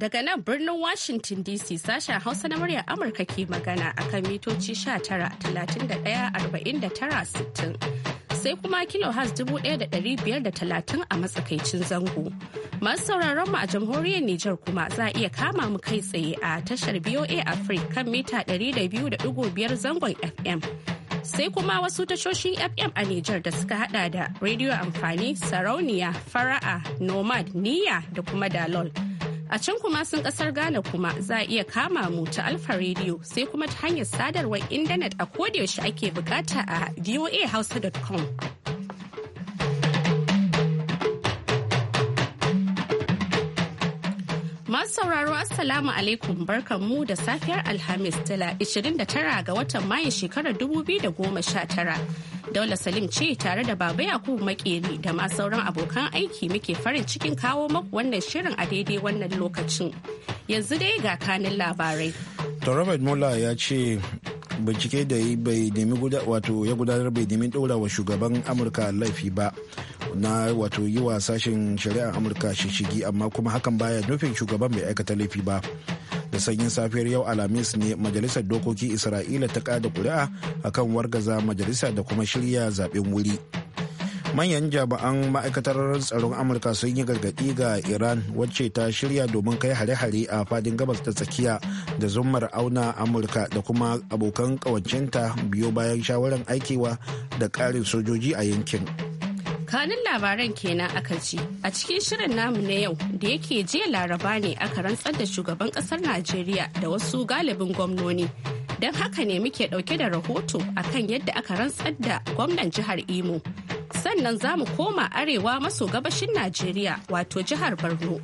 Daga nan birnin Washington DC sashen Hausa na muryar Amurka ke magana akan mitoci 19 Sai kuma da 1,530 a matsakaicin zango. Masu sauraron mu a jamhuriyar Nijar kuma za a iya kama mu kai tsaye a tashar BOA Africa kan mita 200.5 zangon FM. Sai kuma wasu tashoshin FM a Nijar da suka hada da Radio Amfani, Sarauniya, Fara'a, Nomad, niya da kuma Dalol. A can kuma sun kasar Ghana kuma za a iya kama mu ta Alfa Radio sai kuma ta hanyar sadarwar intanet a yaushe ake bukata a voahausa.com. Masu sauraro Assalamu alaikum barkanmu da safiyar Alhamis tala 29 ga watan Mayu shekarar 2019. Daula Salim ce tare da Baba Yakubu Makeri da ma sauran abokan aiki muke farin cikin kawo maku wannan shirin a daidai wannan lokacin. Yanzu dai ga kanin labarai. To Robert muller ya ce bincike da wato ya gudanar bai nemi ɗora wa shugaban Amurka laifi ba. na wato yi wa sashen shari'ar amurka shishigi amma kuma hakan baya nufin shugaban bai aikata laifi ba da sanyin safiyar yau alhamis ne majalisar dokoki isra'ila ta kada kuri'a akan wargaza majalisa da kuma shirya zaben wuri manyan jami'an ma'aikatar tsaron amurka sun yi gargaɗi ga iran wacce ta shirya domin kai hare-hare a fadin gabas ta tsakiya da zumar auna amurka da kuma abokan kawancinta biyo bayan shawarar aikewa da ƙarin sojoji a yankin. tsakanin labaran kenan aka ji a cikin shirin namu na yau da yake jiya laraba ne aka rantsar da shugaban kasar najeriya da wasu galibin gwamnoni don haka ne muke dauke da rahoto akan yadda aka rantsar da gwamnan jihar imo sannan za mu koma arewa maso gabashin najeriya wato jihar borno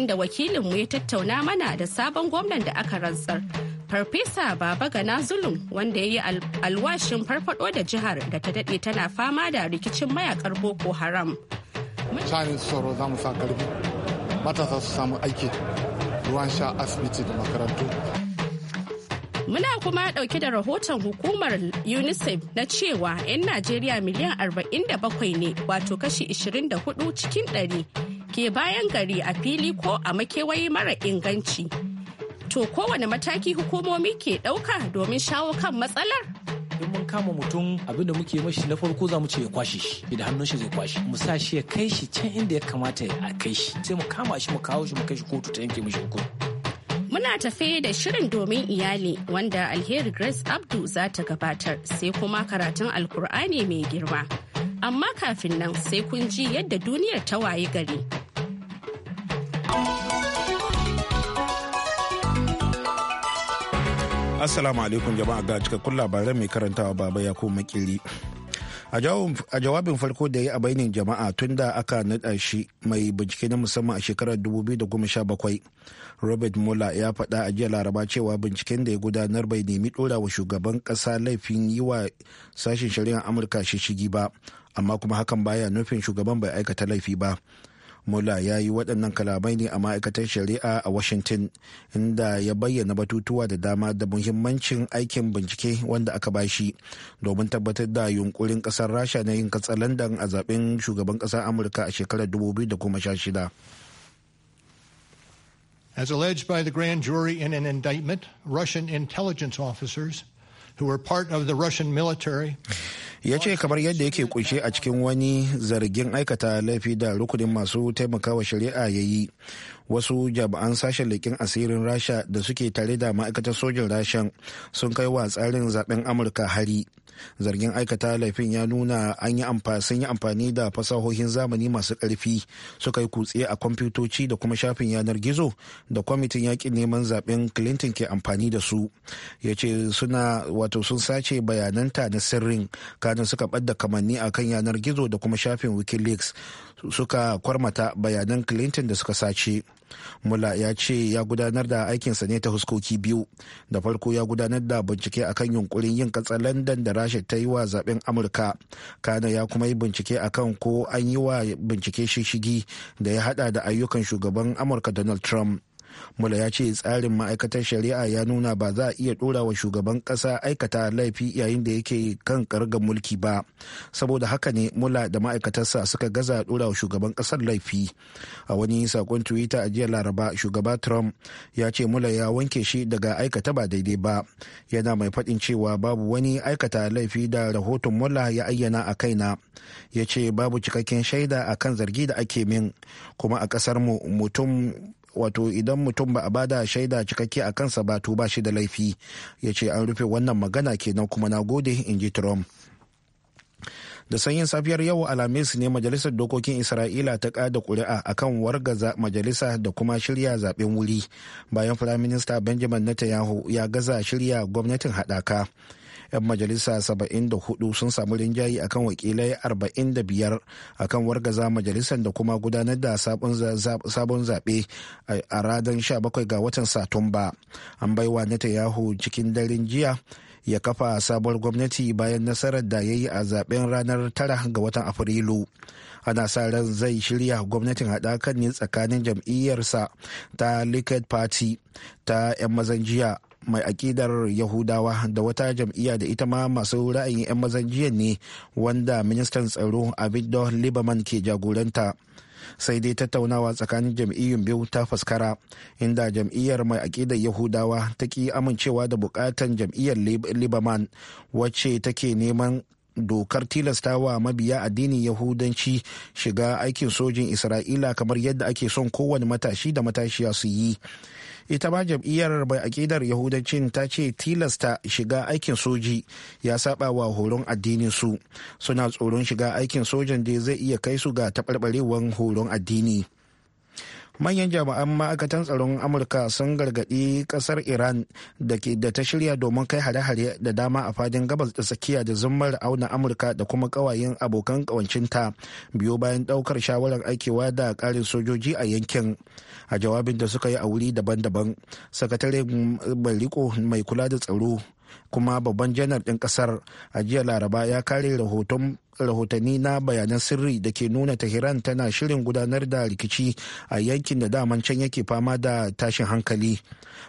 inda wakilinmu ya tattauna mana da sabon gwamnan da aka rantsar Farfesa Baba na Zulum wanda ya yi alwashin farfado da jihar da ta daɗe tana fama da rikicin mayakar Boko Haram. Shanin tsoro za mu sa karfi, matasa su samu aiki, ruwan sha asibiti da makarantu. Muna kuma ɗauke da rahoton hukumar UNICEF na cewa 'yan Najeriya miliyan 47 ne wato kashi 24 cikin 100 ke bayan gari a fili ko a makewayi mara inganci. To kowane mataki hukumomi ke ɗauka domin shawo kan matsalar? in mun kama mutum abinda muke mashi na farko za mu ce ya kwashe shi da hannun shi zai kwashe mu sa shi ya kai shi can inda ya kamata a kai shi sai mu kama shi mu kawo shi mu kai shi kotu ta yanke mishi hukunci Muna tafe da shirin domin iyali wanda alheri Grace Abdu za ta gabatar sai kuma karatun Alkur'ani mai girma. Amma kafin nan sai kun ji yadda duniyar ta waye gari. Assalamu alaikum jama'a ga cikakkun labaran mai karantawa baba ya kuma makili. A jawabin farko da ya yi a bainin jama'a tun da aka naɗa shi mai bincike na musamman a shekarar 2017, Robert Mueller ya faɗa a jiya laraba cewa binciken da ya gudanar bai nemi ɗora wa shugaban ƙasa laifin yi wa sashen shari'ar Amurka shishigi ba, amma kuma hakan baya nufin shugaban bai aikata laifi ba. mula ya yi waɗannan kalamai ne a ma'aikatar shari'a a washington inda ya bayyana batutuwa da dama da muhimmancin aikin bincike wanda aka ba shi domin tabbatar da yunkurin ƙasar rasha na yin katsalandan a zaben shugaban ƙasar amurka a shekarar 2016 As alleged by the grand jury in an indictment, Russian intelligence officers ya ce kamar yadda yake kunshe a cikin wani zargin aikata laifi da rukunin masu taimakawa shari'a ya yi wasu jami'an sashen leƙin asirin rasha da suke tare da ma'aikatar sojin rashan sun kai wa tsarin zaben amurka hari zargin aikata laifin ya nuna an yi amfani da fasahohin zamani masu ƙarfi suka yi kutse a kwamfutoci da kuma shafin yanar gizo da kwamitin yakin neman zaben clinton ke amfani da su ya ce suna wato sun sace bayananta na sirrin kanin suka ɓadda kamanni a kan yanar gizo da kuma shafin wikileaks suka kwarmata bayanan clinton da suka sace mula ya ce ya gudanar da aikinsa ne ta huskoki biyu da farko ya gudanar da bincike akan yunkurin yin katsar london da rasha ta yi wa zaben amurka kana ya kuma yi bincike akan ko an yi wa bincike shishigi da ya hada da ayyukan shugaban amurka donald trump mula ya ce tsarin ma'aikatar shari'a ya nuna ba za a iya dora wa shugaban kasa aikata laifi yayin da yake kan kargar mulki ba saboda haka ne mula da ma'aikatarsa suka gaza dora wa shugaban kasar laifi a wani sakon twitter a jiya laraba shugaba trump ya ce mula ya wanke shi daga aikata ba daidai ba yana mai faɗin cewa babu wani aikata laifi da rahoton mula ya ayyana a kai na ya ce babu cikakken shaida akan zargi da ake min kuma a kasar mu mutum wato idan mutum ba a bada shaida cikakke a kansa ba to ba shi da laifi ya ce an rufe wannan magana kenan kuma na gode in ji trump da sanyin safiyar yau alhamis ne majalisar dokokin isra'ila ta kada kuri'a akan wargaza majalisa da kuma shirya zaben wuri bayan firaminista benjamin netanyahu ya gaza shirya gwamnatin haɗaka 'yan majalisa 74 sun samu rinjaye akan wakilai 45 akan wargaza majalisar da kuma gudanar da sabon zaɓe a radan 17 ga watan satumba an baiwa netanyahu cikin daren jiya ya kafa sabuwar gwamnati bayan nasarar da ya yi a zaben ranar tara ga watan afrilu ana sa ran zai shirya gwamnatin haɗakar ne tsakanin jam'iyyarsa ta liquid party ta 'yan mazan jiya mai akidar yahudawa da wata jam'iyya da ita ma masu ra'ayin 'yan mazan jiya ne wanda ministan tsaro abidor liberman ke jagoranta sai dai tattaunawa tsakanin jam'iyyun biyu ta faskara inda jam'iyyar mai akidar yahudawa ta ki amincewa da bukatan jam'iyyar liberman wacce take neman dokar tilastawa mabiya addinin yahudanci shiga aikin sojin isra'ila kamar yadda ake son kowane matashi da matashiya su yi ita ma jam'iyyar bai aƙidar yahudancin ta ce tilasta shiga aikin soji ya saba wa horon addinin su suna tsoron shiga aikin sojan da zai iya kai su ga taɓarɓarewar horon addini manyan jami'an ma'aikatan tsaron amurka sun gargaɗi ƙasar iran da ta shirya domin kai hare-hare da dama a fadin gabas da tsakiya da zummar auna amurka da kuma ƙawayen abokan ƙawancinta biyo bayan ɗaukar shawarar aikewa da ƙarin sojoji a yankin a jawabin da suka yi a wuri daban-daban sakataren mai kula da tsaro kuma babban janar ɗin ƙasar a jiya laraba ya kare rahotanni na bayanan sirri da ke nuna tehran tana shirin gudanar da rikici a yankin da daman can yake fama da tashin hankali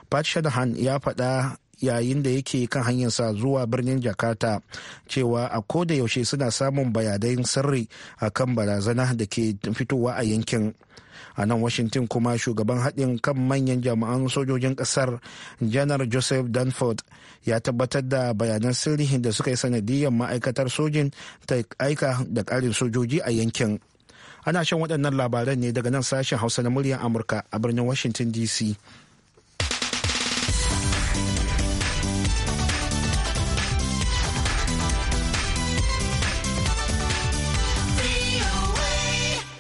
pat shanahan ya faɗa yayin da yake kan hanyarsa zuwa birnin jakarta cewa a koda yaushe suna samun bayanan sirri akan barazana da ke fitowa a yankin a nan washington kuma shugaban haɗin kan manyan jami'an sojojin ƙasar janar joseph danford ya tabbatar da bayanan sirri da suka yi sanadiyar ma'aikatar sojin ta aika da ƙarin sojoji a yankin ana shan waɗannan labaran ne daga nan sashen hausa na muryar amurka a birnin washington dc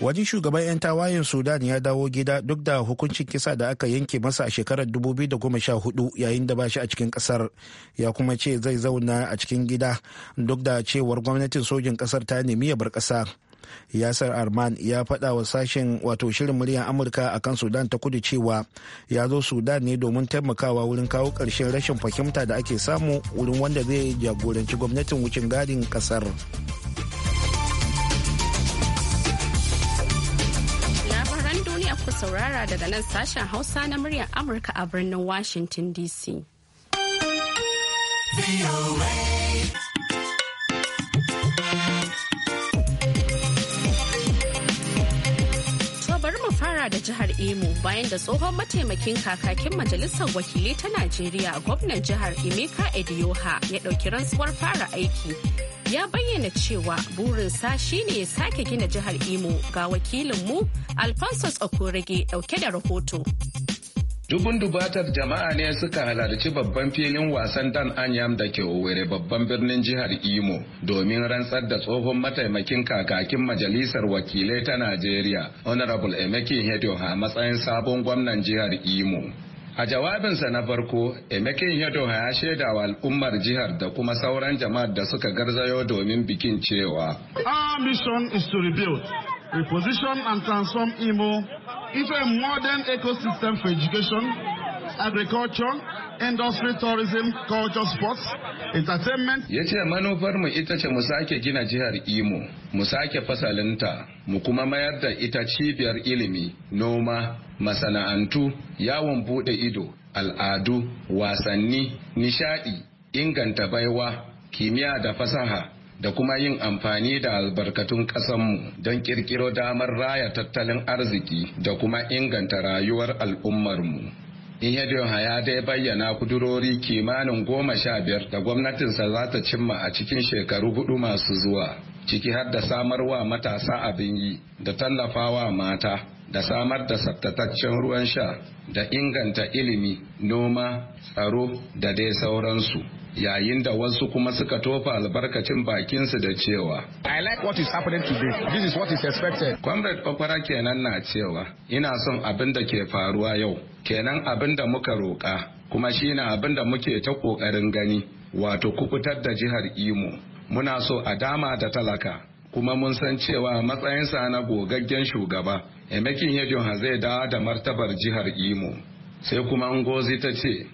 wani shugaban 'yan tawayen sudan ya dawo gida duk da hukuncin kisa da aka yanke masa a shekarar 2014 yayin da ba shi a cikin kasar ya kuma ce zai zauna a cikin gida duk da cewar gwamnatin sojin kasar ta nemi ya bar kasa yasar arman ya faɗa wa sashen wato shirin muryar amurka akan sudan ta kudu cewa ya zo sudan ne domin taimakawa wurin kawo karshen rashin fahimta da ake samu wurin wanda zai jagoranci gwamnatin wucin gadin ƙasar. kasar ku saurara daga nan sashen Hausa na muryar Amurka a birnin Washington DC. mu fara da jihar Imo bayan da tsohon mataimakin kakakin majalisar wakili ta Najeriya gwamnan jihar Emeka Ediyoha ya ɗauki rantsuwar fara aiki ya bayyana cewa burin burinsa shine ya sake gina jihar Imo ga wakilinmu Alphonsus Okorege dauke da rahoto. Dubun dubatar jama'a ne suka halarci babban filin wasan Dan Anyam da ke Owerri babban birnin jihar Imo domin rantsar da tsohon mataimakin kakakin majalisar wakilai ta Najeriya Honorable Emeke Hedo a matsayin sabon gwamnan jihar Imo. A jawabinsa na farko, Emekin Yado ya shaida wa al'ummar jihar da kuma sauran jama'ar da suka garzayo domin bikin cewa. Our mission is to rebuild, reposition and transform Imo into a modern ecosystem for education, agriculture, industry tourism, culture sports, entertainment. Ya ce mu ita ce mu sake gina jihar Imo, mu sake fasalinta, mu kuma mayar da ita cibiyar ilimi, noma, masana'antu yawon bude ido al'adu wasanni nishadi inganta baiwa kimiyya da fasaha da kuma yin amfani da albarkatun ƙasanmu don ƙirƙiro damar raya tattalin arziki da kuma inganta rayuwar al'ummarmu. Ihedin Haya dai bayyana kudurori kimanin goma sha biyar da gwamnatinsa za ta cimma a cikin shekaru hudu masu zuwa, ciki har da samarwa matasa abin yi da tallafawa mata da samar da tsabtataccen ruwan sha da inganta ilimi noma tsaro da dai sauransu yayin da wasu kuma suka tofa albarkacin bakinsu da cewa I like what is happening today. This is what is expected. Comrade Okwara kenan na cewa ina son abin da ke faruwa yau kenan abin da muka roƙa kuma shi na abin da muke ta ƙoƙarin gani wato kubutar da jihar Imo muna so a dama da talaka kuma mun san cewa matsayinsa na gogaggen shugaba emekin yadda zai dawo da martabar jihar imo sai kuma ngozi ta ce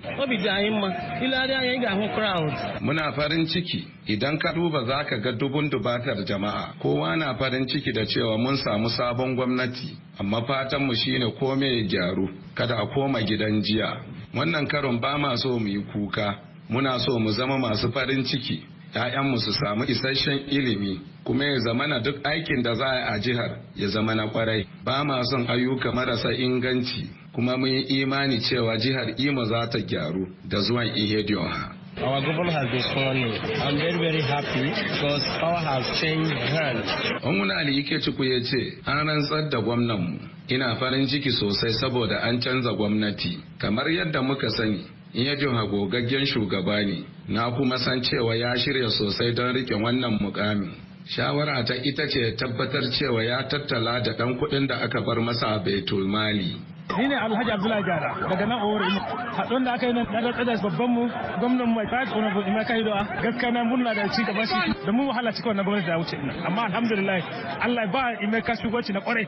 muna farin ciki idan ka duba za ka ga dubun dubatar jama'a kowa na farin ciki da cewa mun samu sabon gwamnati amma fatanmu shine kome ya gyaru kada a koma gidan jiya wannan karon ba ma so mu yi kuka muna so mu zama masu farin ciki 'ya'yanmu su samu isasshen ilimi kuma ya zamana duk aikin da za a jihar ya zamana kwarai ba ma son ayyuka marasa inganci kuma mun yi imani cewa jihar imo za ta gyaru da zuwan ihedioha Our government has been sworn I'm very, very happy because power has changed hands. Onguna Ali Ikechukwu ya ce, an rantsar da gwamnanmu. Ina farin ciki sosai saboda an canza gwamnati. Kamar yadda muka sani, Yajin hagogaggen shugaba ne, na kuma san cewa ya shirya sosai don riƙe wannan mukamin. Shawara ta ita ce tabbatar cewa ya tattala da ɗan kuɗin da aka bar masa a Baitul Mali. ni ne alhaji abdullahi gara daga nan owar imo haɗon da aka yi nan ɗan da babban mu gwamnan mai fayat honorable imaka hidoa ah, gaskiya na murna da ci gaba shi da mu wahala cikin wannan gwamnati da wuce ina amma alhamdulillah allah ba ka shugabanci na kwarai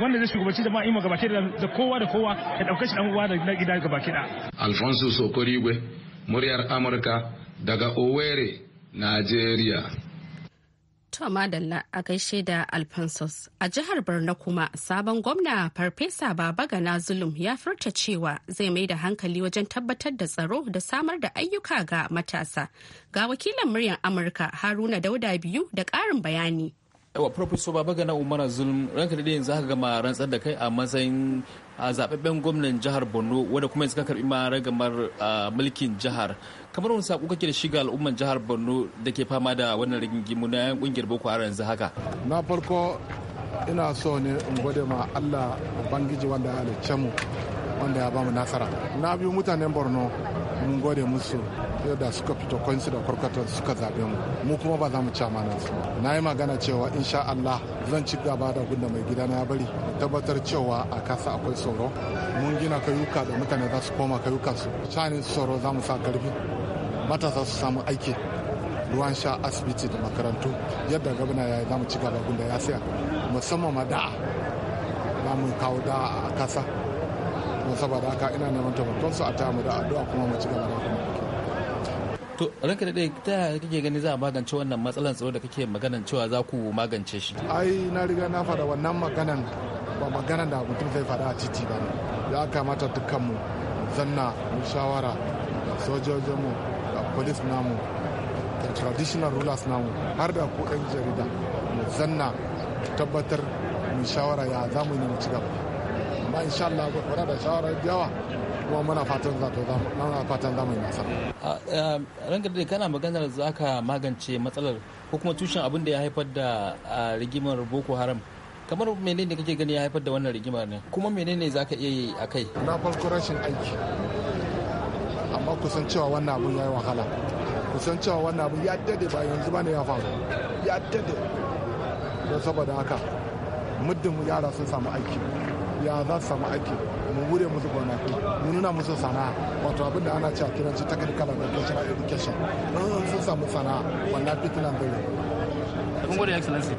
wanda zai shugabanci da ma ima ke da kowa da kowa ya ɗauke shi ɗan uwa da gida ke da. alfonso sokorigwe muryar amurka daga owerri Nigeria. To Madalla a gaishe da Alphonsus. A jihar Borno kuma sabon gwamna Farfesa Babagana Zulum ya furta cewa zai mai da hankali wajen tabbatar da tsaro da samar da ayyuka ga matasa. Ga wakilan muryar Amurka Haruna Dauda biyu da ƙarin bayani. yawa professor babagana umar zulum ranka da yanzu haka gama rantsar da kai a matsayin a zababben gwamnan jihar borno wanda kuma yanzu ka karbi ma ragamar mulkin jihar kamar wani sako kake da shi ga al'umman jihar borno da ke fama da wannan rigingimu na yan kungiyar boko haram yanzu haka na farko ina so ne in gode ma allah ubangiji wanda ya halicce mu wanda ya bamu nasara na biyu mutanen borno mun gode musu da suka fito kwanci da kwarkwatar suka zaɓe mu mu kuma ba za mu ci su na yi magana cewa insha Allah zan ci gaba da gunda mai gida na ya bari tabbatar cewa a kasa akwai tsoro mun gina kayuka da mutane za su koma kayukansu su shanin tsoro za mu sa karfi matasa su samu aiki ruwan sha asibiti da makarantu yadda gwamna ya yi za mu ci gaba gunda ya siya musamman ma da'a za mu kawo da'a a kasa don saboda haka ina neman taimakon su a ta mu da addu'a kuma mu ci gaba da kuma to ranka da dai ta yaya kake gani za a magance wannan matsalan tsaro da kake maganan cewa za ku magance shi ai na riga na fara wannan maganan ba maganan da mutum zai fara a titi ba ne ya kamata dukkanmu zanna mu shawara da sojojinmu da polis namu traditional rulers namu har da ko 'yan jarida mu zanna tabbatar mu shawara ya zamu mu yi ci gaba amma insha Allah gwada da shawara da yawa kuma muna fatan za ta muna fatan za mu yi nasara um, ranka da kana maganar za ka magance matsalar ko kuma tushen abin da ya haifar da rigimar Boko Haram kamar menene kake gani ya haifar da wannan rigimar ne kuma menene za ka iya yi a kai na farko rashin aiki amma kusan cewa wannan abun ya yi wahala kusan cewa wannan abu ya dade ba yanzu ba ne ya faru ya dade don saboda haka muddin mu yara sun samu aiki ya za su samu aiki mu wure musu gwamnati mu nuna musu sana'a wato abin da ana cewa kiranci technical da kashin education don sun samu sana'a wannan fitinan bai mun gode excellency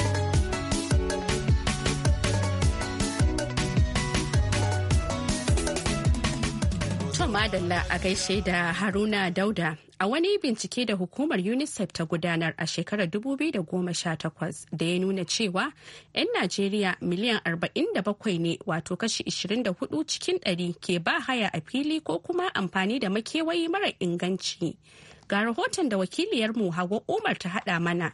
madalla a gaishe da haruna dauda a wani bincike da hukumar unicef ta gudanar a shekarar 2018 da ya nuna cewa 'yan najeriya miliyan 47 ne wato kashi 24 cikin 100 ke ba haya a fili ko kuma amfani da makewayi mara inganci ga rahoton da wakiliyarmu hawa umar ta hada mana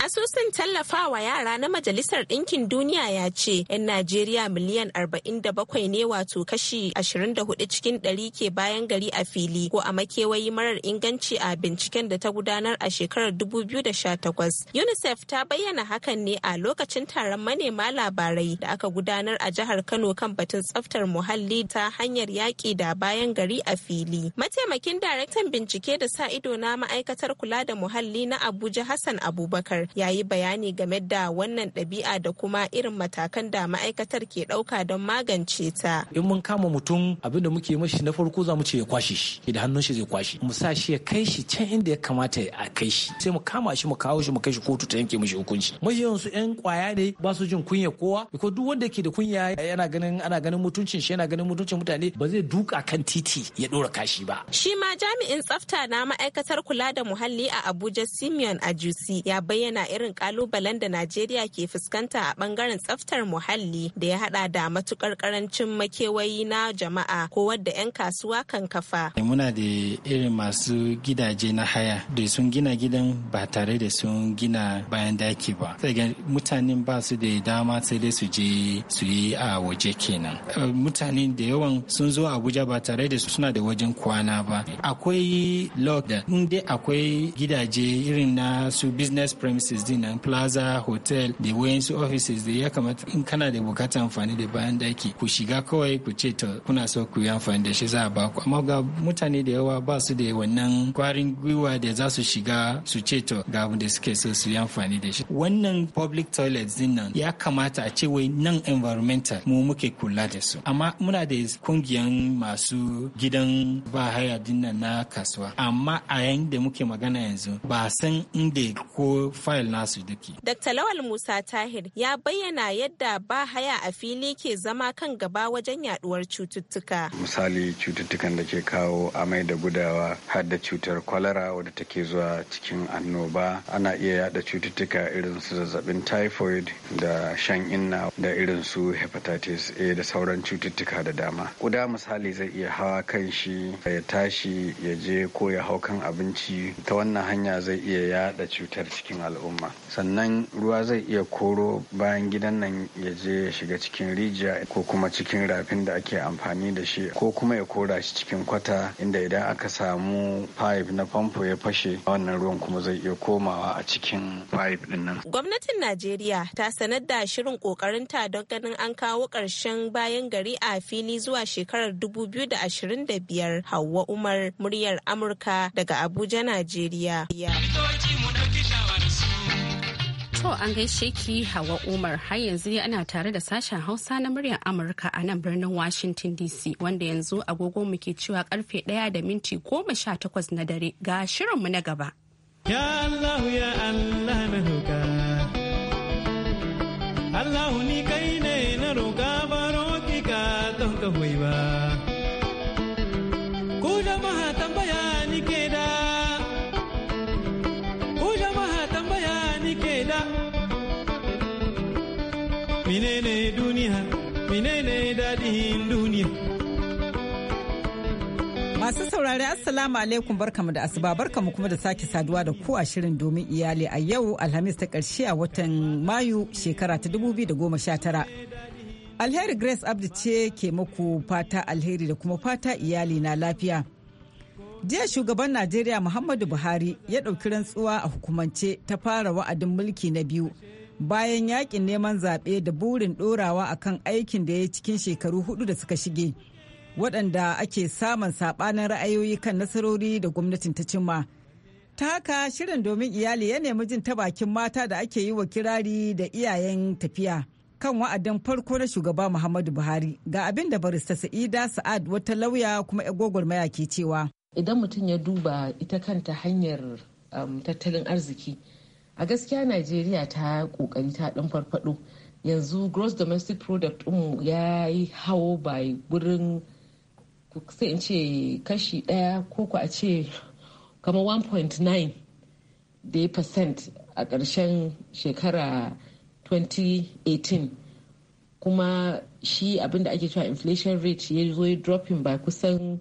Asusun tallafawa yara na Majalisar Ɗinkin Duniya ya ce 'yan Najeriya miliyan 47 ne wato kashi 24 cikin 100 ke bayan gari a fili ko a makewayi marar inganci a binciken da ta gudanar a shekarar 2018. UNICEF ta bayyana hakan ne a lokacin taron manema labarai da aka gudanar a jihar Kano kan batun tsaftar muhalli ta hanyar yaƙi da bayan gari a fili. Mataimakin daraktan bincike da sa ido na ma'aikatar kula da muhalli na Abuja Hassan Abubakar ya yi bayani game da wannan ɗabi'a da kuma irin matakan da ma'aikatar ke ɗauka don magance ta. In mun kama mutum abin da muke mashi na farko za mu ce ya kwashe shi idan hannun shi zai kwashe mu sa shi ya kai shi can inda ya kamata a kai shi sai mu kama shi mu kawo shi mu kai shi kotu ta yanke mashi hukunci. Mashi yansu 'yan kwaya ne ba su jin kunya kowa ko duk wanda ke da kunya yana ganin ana ganin mutuncin shi yana ganin mutuncin mutane ba zai duka kan titi ya ɗora kashi ba. Shi ma jami'in tsafta na ma'aikatar kula da muhalli a Abuja Simeon Ajusi ya bayyana bayyana irin kalubalen da Najeriya ke fuskanta a bangaren tsaftar muhalli da ya hada da matukar karancin makewayi na jama'a ko wadda 'yan kasuwa kan kafa. Muna da irin masu gidaje na haya da sun gina gidan ba tare da sun gina bayan daki ba. Sai mutanen ba su da dama sai dai su je su yi a waje kenan. Eh, mutane da yawan sun zo Abuja ba tare da suna da wajen kwana ba. Akwai log da in dai akwai gidaje irin na su business premises offices din nan plaza hotel da wayansu offices da ya kamata in kana da bukatar amfani da bayan daki ku shiga kawai ku ce to kuna so ku yi amfani da shi za a baku amma ga mutane da yawa ba su da wannan kwarin gwiwa da za su shiga su ce to ga abin da suke so su yi amfani da shi wannan public toilets din nan ya kamata a ce wai nan environmental mu muke kula da su amma muna da kungiyan masu gidan ba haya din nan na kasuwa amma a yayin da muke magana yanzu ba san inda ko fayil nasu dake. Dr. Lawal Musa Tahir ya bayyana yadda ba haya a fili ke zama kan gaba wajen yaduwar cututtuka. Misali cututtukan da ke kawo amai da gudawa har da cutar kwalara wadda take zuwa cikin annoba ana iya yada cututtuka irin su zazzabin typhoid da shan inna da irin su hepatitis A da sauran cututtuka da dama. Kuda misali zai iya hawa kan shi ya tashi ya je ko ya hau kan abinci ta wannan hanya zai iya yada cutar cikin al'umma. al'umma sannan ruwa zai iya koro bayan gidan nan ya je ya shiga cikin rijiya ko kuma cikin rafin da ake amfani da shi ko kuma ya kora shi cikin kwata inda idan aka samu pipe na famfo ya fashe wannan ruwan kuma zai iya komawa a cikin pipe din nan gwamnatin najeriya ta sanar da shirin ta don ganin an kawo ƙarshen bayan gari a fili zuwa shekarar da da biyar Hauwa Umar muryar Amurka daga Abuja, Najeriya. To an gaishe ki Hawa Umar har yanzu ne ana tare da sashen Hausa na muryar Amurka a nan birnin Washington DC wanda yanzu agogo muke cewa karfe ɗaya da minti goma sha takwas na dare ga shirinmu na gaba. Ya Allah ya Allah na roƙa. Allah ni kai ne na roƙa baro ki ka don ka ba. Masu saurari Assalamu alaikum barkamu da asuba barkamu kuma da sake saduwa da ku a shirin domin iyali a yau Alhamis ta karshe a watan Mayu shekara ta 2019. Alheri Grace abdu ce ke muku fata alheri da kuma fata iyali na lafiya. Jiya shugaban Najeriya Muhammadu Buhari ya ɗauki rantsuwa a hukumance ta fara wa'adin mulki na biyu bayan yakin neman zaɓe da burin ɗorawa akan aikin da ya cikin shekaru hudu da suka shige. waɗanda ake samun saɓanin ra'ayoyi kan nasarori da gwamnatin ta cimma. Ta haka shirin domin iyali ya nemi jin ta bakin mata da ake yi wa kirari da iyayen tafiya kan wa'adin farko na shugaba Muhammadu Buhari ga abin da barista Sa'ida Sa'ad wata lauya kuma maya ke cewa. Idan mutum ya duba ita kanta hanyar um, tattalin arziki a gaskiya Najeriya ta kokari ta ɗan farfaɗo yanzu gross domestic product ɗinmu ya yi hawo bai gurin sai in ce kashi ɗaya ko ku a ce kama 1.9 da percent a ƙarshen shekara 2018 kuma shi abinda ake cewa inflation rate ya zo dropping ba kusan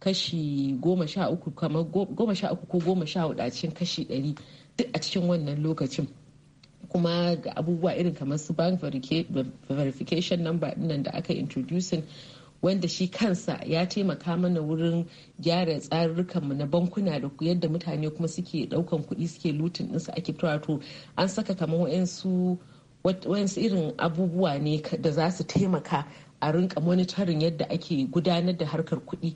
kashi goma sha uku ko goma sha hudu a cikin kashi ɗari duk a cikin wannan lokacin kuma ga abubuwa irin kamar su bank verification number nan da aka introducing wanda shi kansa ya taimaka mana wurin gyara tsarurrukanmu na bankuna da yadda mutane kuma suke daukan kuɗi suke lutin ɗinsu ake fitowa to an saka kamar wa'yansu wayansu irin abubuwa ne da za su taimaka a rinka monitorin yadda ake gudanar da harkar kuɗi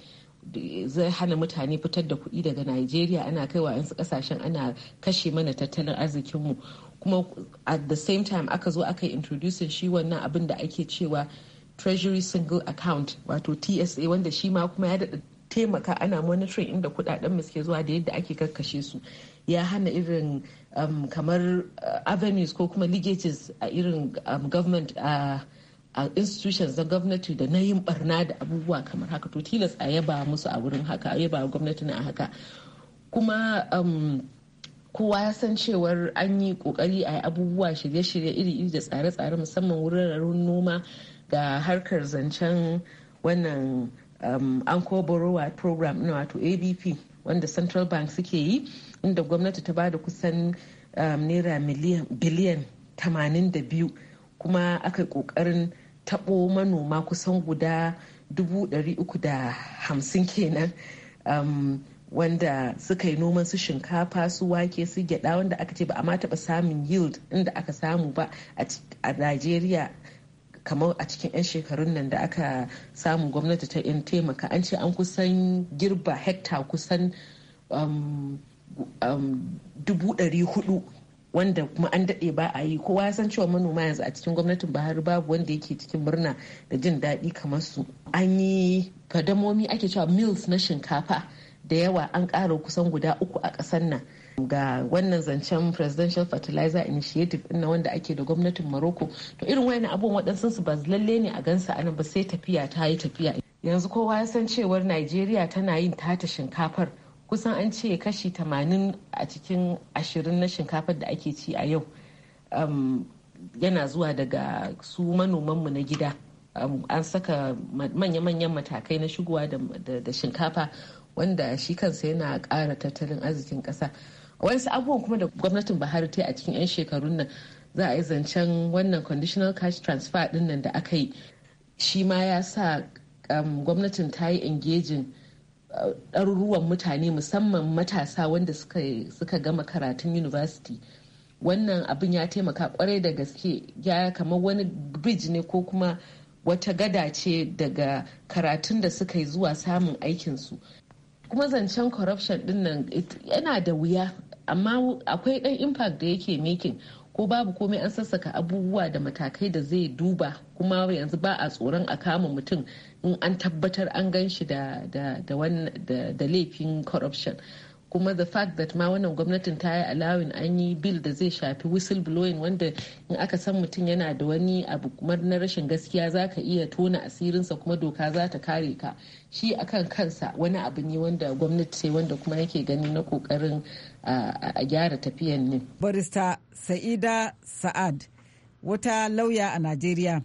zai hana mutane fitar da kuɗi daga Najeriya ana kaiwa yansu kasashen ana kashe mana tattalin arzikinmu kuma at the same time aka zo aka introducing shi wannan abin da ake cewa treasury single account wato tsa wanda shi ma kuma ya daɗa taimaka ana monitoring inda kuɗaɗen mu suke zuwa da yadda ake karkashe su ya hana irin um, kamar uh, avenues ko kuma ligages a uh, irin um, government a uh, uh, institutions na gwamnati da na yin barna da abubuwa kamar haka to tilas a yaba musu a wurin haka a yaba gwamnati na haka kuma um, kowa ya san cewar an yi kokari a abubuwa shirye-shirye iri-iri da tsare-tsare musamman wuraren noma da harkar zancen wannan um, anko borrower program na wato abp wanda central bank suke yi inda gwamnati ta bada kusan um, naira biliyan 82 kuma aka kokarin tabo manoma kusan guda 350 kenan um, wanda suka yi noman su shinkafa su wake su gyada wanda aka ce ba a ma taba samun yield inda aka samu ba a Najeriya kamar a cikin 'yan shekarun nan da aka samu gwamnati ta in taimaka an ce an kusan girba hekta kusan um, um, dubu ɗari hudu wanda kuma an daɗe ba a yi kowa ya san cewa manoma yanzu a cikin gwamnatin buhari babu wanda yake cikin murna da jin daɗi kamar su an yi fadamomi ake cewa mills na shinkafa da yawa an ƙara kusan guda uku a ƙasar nan ga wannan zancen presidential fertilizer initiative ɗin wanda ake da gwamnatin Morocco to irin wani abubuwan waɗansu su ba lalle ne a gansa anan ba sai tafiya ta yi tafiya yanzu kowa ya san cewar nigeria tana yin tata shinkafar kusan an ce kashi 80 a cikin 20 na shinkafar da ake ci a yau um, yana zuwa daga su manomanmu na gida um, an saka manya-manyan matakai na shigowa da shinkafa wanda shi kansa yana kara tattalin arzikin kasa. wani abubuwan kuma da gwamnatin buhari ta yi a cikin 'yan shekarun nan za a yi zancen wannan conditional cash transfer din nan da aka yi shi ma ya sa um, gwamnatin ta yi engaging uh, ɗaruruwan mutane musamman matasa wanda suka gama karatun university wannan abin ya taimaka kwarai da gaske ya kamar wani bridge ne ko kuma wata gada ce daga karatun da suka yi zuwa samun aikinsu kuma zancen corruption din nan yana da wuya amma akwai dan impact da yake making ko babu komai an sassaka abubuwa da matakai da zai duba kuma yanzu ba a tsoron a kama mutum in an tabbatar an gan shi da laifin corruption kuma the fact that ma wannan gwamnatin ta yi allowing an yi bill da zai shafi whistleblowing wanda in aka san mutum yana da wani abu kuma na rashin gaskiya za ka iya tona asirinsa kuma doka za ta kare ka shi akan kansa wani abu ne wanda gwamnati ce wanda kuma yake gani na kokarin a gyara tafiyan ne. barista sa'ida sa'ad wata lauya a najeriya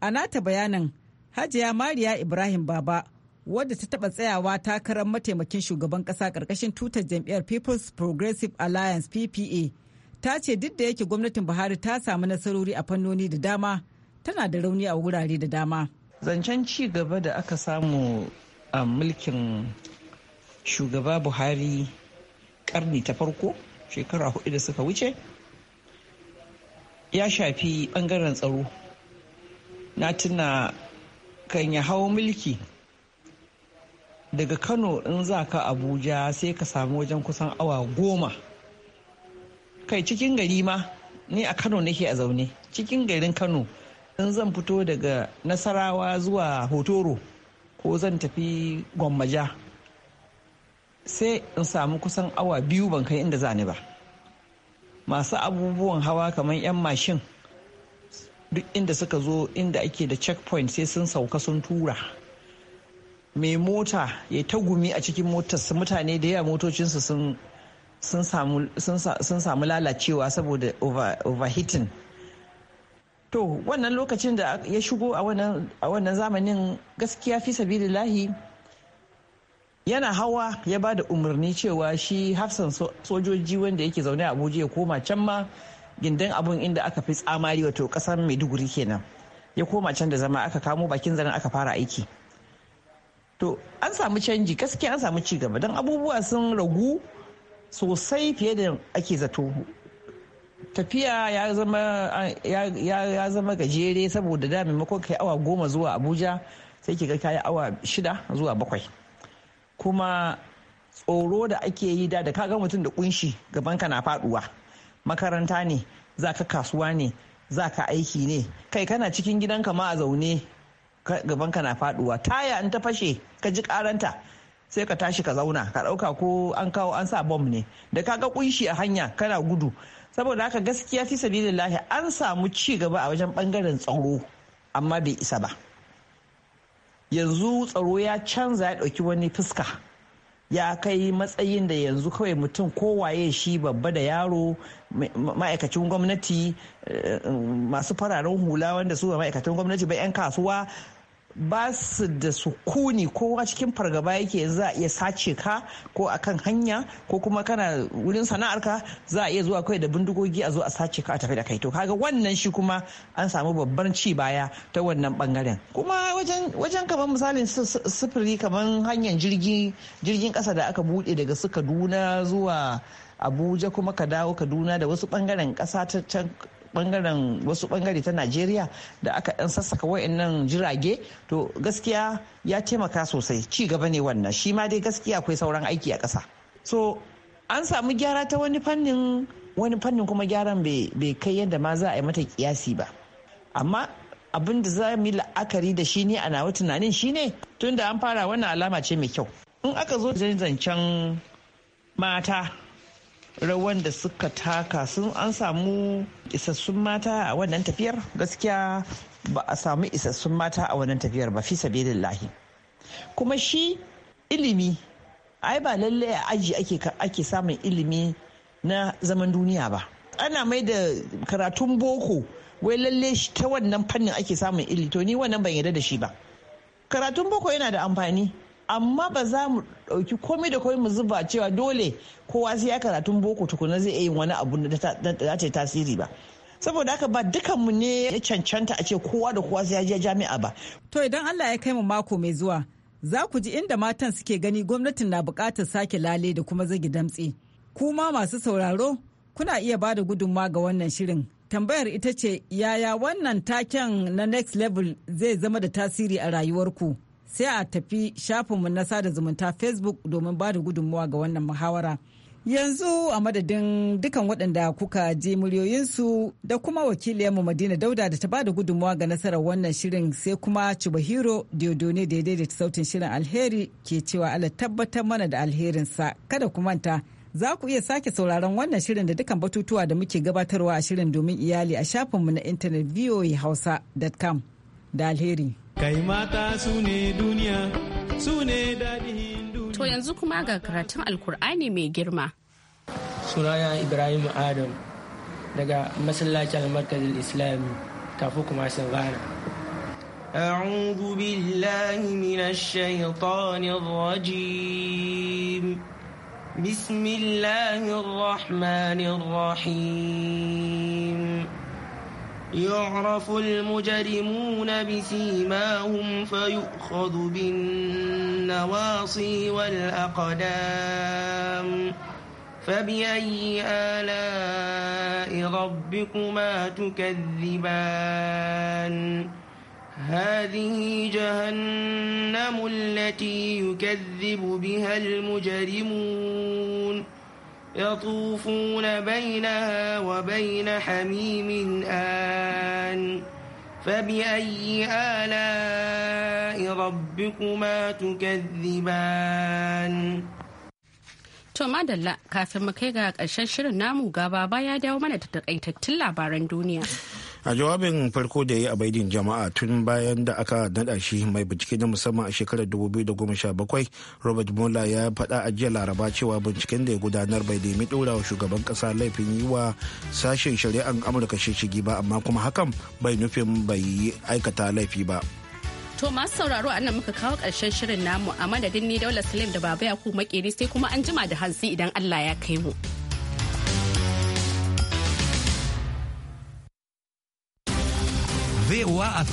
a nata bayanin hajiya mariya ibrahim baba wadda ta taɓa tsayawa takarar mataimakin shugaban ƙasa ƙarƙashin tutar jam'iyyar people's progressive alliance ppa ta ce duk da yake gwamnatin buhari ta samu nasarori a fannoni da dama tana da rauni a wurare da dama zancen ci gaba da aka samu a mulkin shugaba buhari karni ta farko shekara hudu da suka wuce ya shafi bangaren tsaro na tuna kan ya hawo mulki daga kano in za ka abuja sai ka samu wajen kusan awa goma kai cikin gari ma ni a kano nake a zaune cikin garin kano in zan fito daga nasarawa zuwa hotoro ko zan tafi gwammaja sai in samu kusan awa biyu ban kai inda zane ba masu abubuwan hawa kamar 'yan mashin duk inda suka zo inda ake da checkpoint sai sun sauka sun tura mai mota ya ta gumi a cikin motarsa mutane da yawa motocinsu sun samu lalacewa saboda overheating to wannan lokacin da ya shigo a wannan zamanin gaskiya fi lahi yana hawa ya ba da umarni cewa shi hafsan sojoji wanda yake zaune a abuja ya koma can ma gindin abun inda aka fi tsamari wato kasar maiduguri kenan ya koma can da zama aka kamo bakin zaren aka fara aiki to an samu canji gaskiya an samu cigaba don abubuwa sun ragu sosai fiye da ake zato tafiya ya zama gajere saboda da maimakon kai awa goma zuwa abuja sai ki ga kayi awa shida zuwa bakwai kuma tsoro da ake yi da da kaga mutum da kunshi gaban ka na faduwa makaranta ne za ka kasuwa ne za ka aiki ne kai kana cikin gidanka ma a zaune gaban ka na faduwa taya in ta fashe ka ji karanta sai ka tashi ka zauna ka dauka ko an kawo an sa bom ne da ka ga kunshi a hanya kana gudu saboda haka gaskiya fi sabilillahi an samu ci gaba a wajen bangaren tsaro amma bai isa ba yanzu tsaro ya canza ya dauki wani fuska ya kai matsayin da yanzu kawai mutum kowaye shi babba da yaro ma'aikacin gwamnati eh, masu fararen hula wanda su ba ma'aikatan gwamnati ba 'yan kasuwa ba su da sukuni kowa cikin fargaba yake za a iya sace ka ko kan hanya ko kuma kana wurin sana'arka za a iya zuwa kai da bindigogi a zo a sace ka a tafi da kai to kaga wannan shi kuma an samu babban ci baya ta wannan bangaren kuma wajen wajen kamar misalin sufuri kamar hanyar jirgi jirgin kasa da aka bude daga su Kaduna zuwa Abuja kuma ka dawo Kaduna da wasu bangaren kasa ta bangaren wasu bangare ta najeriya da aka ɗan sassaka wayannan jirage to gaskiya ya taimaka sosai ci gaba ne wannan shi ma dai gaskiya akwai sauran aiki a ƙasa so an samu gyara ta wani fannin wani fannin kuma gyaran bai kai yadda ma za a yi mata kiyasi ba amma abin da za mu yi la'akari da shi ne a nawa tunanin shi ne tun an fara wannan alama ce mai kyau in aka zo zancen mata rawan da suka taka sun an samu isassun mata a wannan tafiyar gaskiya ba a samu isassun mata a wannan tafiyar ba fi sabilillahi kuma shi ilimi ai ba lalle a aji ake samun ilimi na zaman duniya ba ana mai da karatun boko wai lalle ta wannan fannin ake samun ilimi to ni wannan ban yarda da shi ba karatun boko yana da amfani amma ba za mu dauki komai da komai mu zuba cewa dole kowa sai ya karatun boko tukuna zai yi wani abu da za ta yi tasiri ba saboda haka ba mu ne ya cancanta a ce kowa da kowa sai ya jami'a ba to idan Allah ya kai mu mako mai zuwa za ku ji inda matan suke gani gwamnatin na bukatar sake lale da kuma zagi damtse kuma masu sauraro kuna iya ba da gudunma ga wannan shirin tambayar ita ce yaya wannan taken na next level zai zama da tasiri a rayuwarku sai a tafi shafinmu na sada zumunta facebook domin ba da gudunmuwa ga wannan muhawara yanzu a madadin dukan waɗanda kuka je muryoyinsu da kuma wakiliyarmu madina dauda da ta ba da gudunmuwa ga nasarar wannan shirin sai kuma cibahiro diodone da ya daidaita sautin shirin alheri ke cewa ala tabbatar mana da alherinsa kada ku manta za ku iya sake sauraron wannan shirin da dukan batutuwa da muke gabatarwa a shirin domin iyali a shafinmu na intanet voahausa.com da alheri. kai mata su ne duniya su ne daɗin duniya. To yanzu kuma ga karatun Alkur'ani mai girma. Sunana Ibrahim Adam daga masallaci markazin islami tafi kuma sun gana. أعوذ بالله من الشيطان الرجيم بسم الله الرحمن الرحيم يعرف المجرمون بسيماهم فيؤخذ بالنواصي والأقدام فبأي آلاء ربكما تكذبان هذه جهنم التي يكذب بها المجرمون يطوفون بينها وبين حميم آن فبأي آلاء ربكما تكذبان To madalla kafin mu kai ga ƙarshen shirin namu gaba baya dawo mana da takaitattun labaran duniya. a jawabin farko da ya yi a baidin jama'a tun bayan da aka nada shi mai bincike na musamman a shekarar 2017 robert mueller ya faɗa a jiya laraba cewa binciken da ya gudanar bai nemi ɗora wa shugaban kasa laifin yi wa sashen shari'an amurka shishigi ba amma kuma hakan bai nufin bai aikata laifi ba To masu sauraro a nan muka kawo ƙarshen shirin namu a madadin ni Daula Salim da Baba Yakubu Makeri sai kuma an jima da hansi idan Allah ya kai mu. VOA